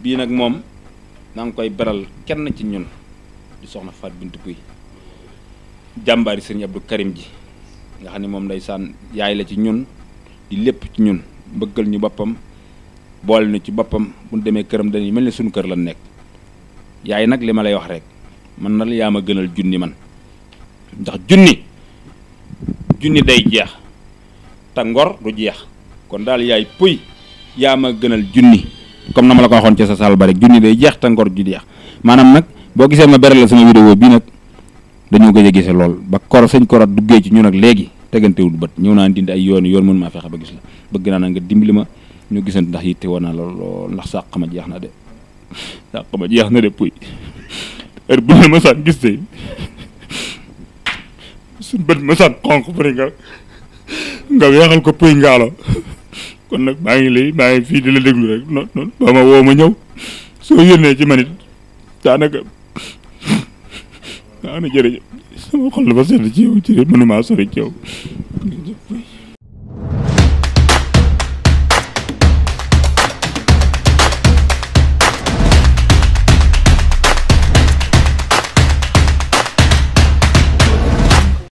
bii nag moom maa ngi koy beral kenn ci ñun di soxna Faat Bintu Puy jàmbaari sëriñ Abdou Karim ji nga xam ne moom ndeysaan yaay la ci ñun di lépp ci ñun mbëggal ñu boppam boole ñu ci boppam bu ñu demee këram dañuy mel ni suñu kër lan nekk yaay nag li ma lay wax rek mën na la yaa ma gënal junni man ndax junni junni day jeex te ngor du jeex kon daal yaay puy yaa ma gënal junni comme na ma la ko waxoon ci sa saal ba rek junni day jeex te ngor ju jeex maanaam nag boo gisee ma beral la sama vidéo bii nag dañoo gëj a gise lool ba kor sëñ koro duggee ci ñu nag léegi tegantewul bët ñëw naa dindi ay yoon yoon mën maa fexe ba gis la bëgg naa nag nga dimbali ma ñu gisante ndax yitte woon naa lool ndax sàq ma jeex na de sàq ma jeex na de puy heure bu ne ma saan gis tey suñ bët ma saan xonq bëri nga nga weexal ko puy ngaalo kon nag maa ngi lay maa ngi fii di la déglu rek non non boo ma woo ma ñëw soo yónnee ci man it daanaka daanaka jërëjëf sama xol dafa sedd ci yow ci mënumaa sori ci yow